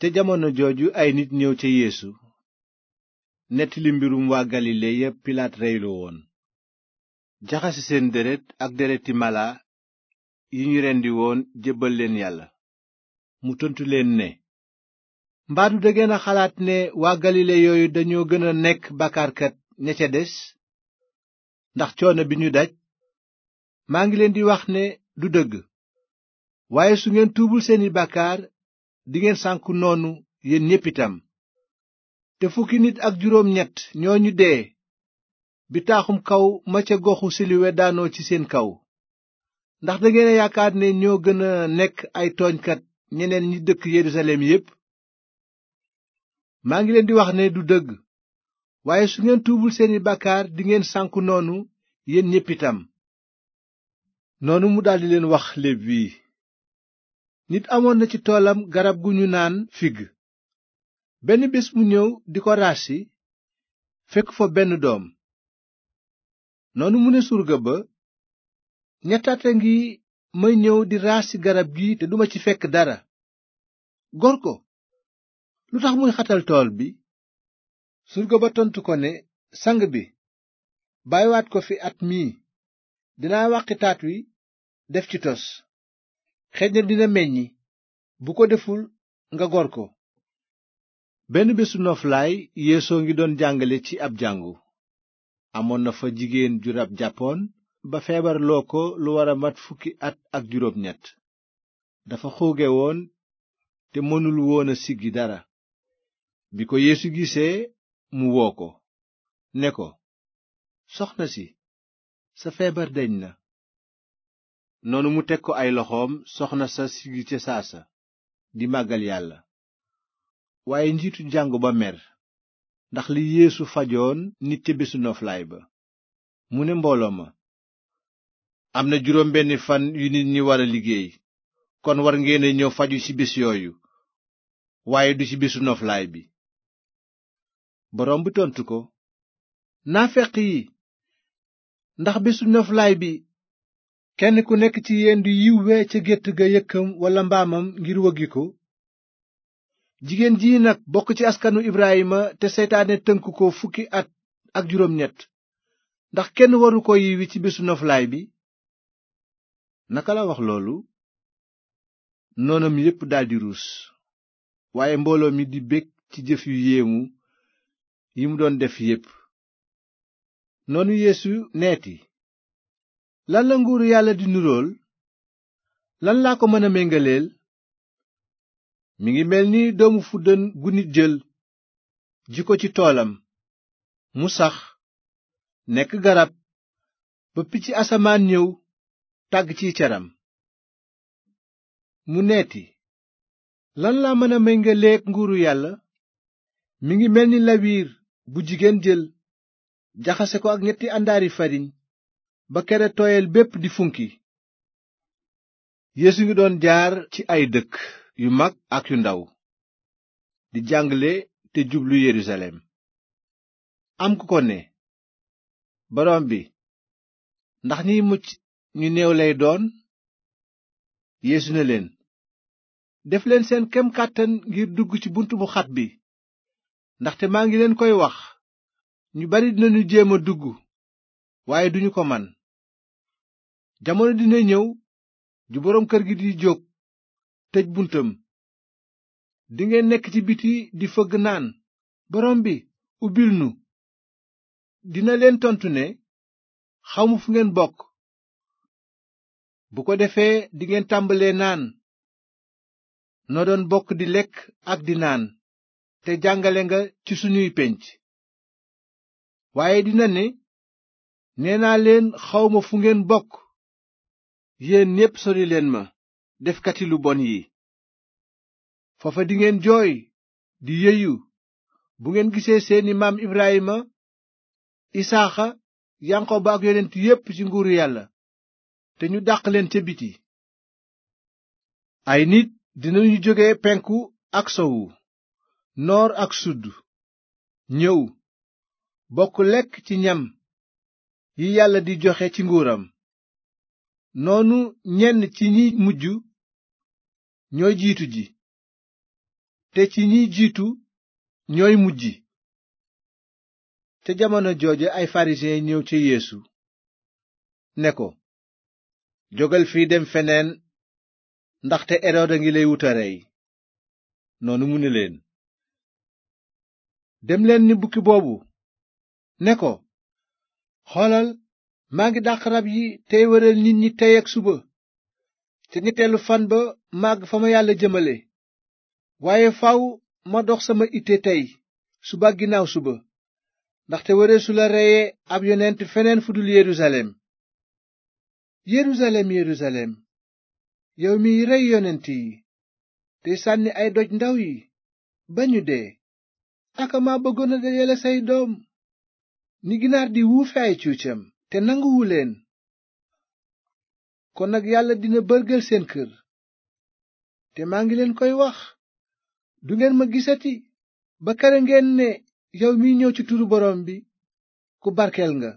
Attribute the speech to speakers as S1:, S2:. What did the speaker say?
S1: te jamono jooju ay nit ñëw ca yéesu nettali mbirum waa galile ya pilaat reylu woon jaxase seen deret ak dereti mala yi ñu rendi woon jébbal leen yàlla mu tontu leen ne mbaadu dangeen a xalaat ne waa galile yooyu dañoo gën a nekk bàkkaarkat ña ca des ndax coono bi ñu daj maa ngi leen di wax ne du dëgg waaye su ngeen tuubul seeni bàkkaar dingeen sànku noonu yéen ñépp itam te fukki nit ak juróom ñett ñu dee bi taaxum kaw ma ca goxu siliwe daanoo ci seen kaw ndax dangeen yaakaar ne ñoo gën a nekk ay tooñkat ñeneen ñi dëkk yerusalem yépp maa ngi leen di wax ne du dëgg waaye su ngeen tuubul seeni bàkkaar dingeen sànku noonu yéen ñépp itam noonu mu daldi leen wax léeb wii nit amoon na ci toolam garab gu ñu naan figg benn bés mu ñëw di ko raasi fekk fa benn doom noonu mu ne surga ba ñettaata ngi may ñëw di raas ci garab gi te duma ci fekk dara gor ko lu tax muy xatal tool bi surga ba tontu ko ne sang bi bàyyiwaat ko fi at mii dinaa wàqi taat wi def ci tos xëj na dina meññ bu ko deful nga gor ko benn bésu noflaay yéesoo ngi doon jàngale ci ab jàngu amoon na fa jigéen ju jàppoon ba feebarloo ko lu wara mat fukki at ak juróom ñett dafa xooge woon te mënul woon a siggi dara bi ko yeesu gisee mu woo ko ne ko soxna si sa feebar deñ na noonu mu teg ko ay loxoom soxna sa siggi ca saasa di màggal yàlla waaye njiitu jàngu ba mer ndax li yéesu fajoon nit ca bésu noflaay ba mu ne mbooloo ma am na juróom benni fan yu nit ñi war liggéey kon war ngeen a ñëw faju ci bés yooyu waaye du ci bésu noflaay bi bésu noflaay bi kenn ku nekk ci yéen di yiwwe ca gétt ga yëkkam walla mbaamam ngir wëggi ko jigéen ji nag bokk ci askanu Ibrahima te seytaane tënk ko fukki at ak juróom ñett ndax kenn waru ko yiwi ci bésu noflaay bi naka la wax loolu noonam yépp daldi ruus waaye mbooloo mi di bég ci jëf yu yéemu yi mu doon def yépp noonu Yeesu neeti lan la nguuru yàlla di nurool lan laa ko mën a méngaleel mi ngi mel ni doomu fuddan gu nit jël ji ko ci toolam mu sax nekk garab ba picc asamaan ñëw tàgg ci caram mu neeti lan laa mën a méngaleek nguuru yàlla mi ngi mel ni lawiir bu jigéen jël jaxase ko ak ñetti àndaari fariñ ba kere tooyel bépp di funki yeesu ngi doon jaar ci ay dëkk yu mag ak yu ndaw di jàngale te jublu yerusalem am ku ko ne borom bi ndax ñiy mucc ñu néew lay doon yeesu ne leen def leen seen kem kàttan ngir dugg ci bunt bu xat bi ndaxte maa ngi leen koy wax ñu bari dinañu jéem a dugg waaye duñu ko man jamono dina ñëw ju boroom kër gi di jóg tëj buntam dingeen nekk ci biti di fëgg naan borom bi ubbil nu dina leen tontu ne xawma fu ngeen bokk bu ko defee dingeen tàmbalee naan noo doon bokk di lekk ak di naan te jàngale nga ci suñuy pénc waaye dina ne nee naa leen xawma fu ngeen bokk yéen ñépp sori leen ma defkati lu bon yi foofa dingeen jooy di yeyu bu ngeen gisee seeni maam Ibrahima Isaaxa Yanqooba ak yonent yépp ci nguuru yàlla te ñu dàq leen ca biti ay nit dinañu jóge penku ak sowu noor ak sud ñëw bokk lekk ci ñam yi yàlla di joxe ci nguuram noonu ñenn ci ñi mujj ñooy jiitu ji te ci ñi jiitu ñooy mujj ca jamono jooja ay farisiyen ñëw ca yéesu ne ko jógal fi dem feneen ndaxte erod a ngi lay wuta rey noonu mu ne leen dem ni bukki boobu ne ko xoolal maa ngi dàq rab yi tey wéral nit ñi tey ak suba te ñetteelu fan ba màgg fa ma yàlla jëmbale waaye faw ma dox sama ite tey suba ginnaaw suba ndaxte su la reye ab yonent feneen fu dul yerusalem yerusalem yerusalem yow mii rey yonent yi te sànni ay doj ndaw yi ba ñu dee aka ma bëggoon a say doom ni ginaar di wuufe ay cuucam te nanguwu leen kon nag yàlla dina bërgël seen kër te maa ngi leen koy wax du ngeen ma gisati ba kere ngeen ne yow mi ñëw ci turu borom bi ku barkeel nga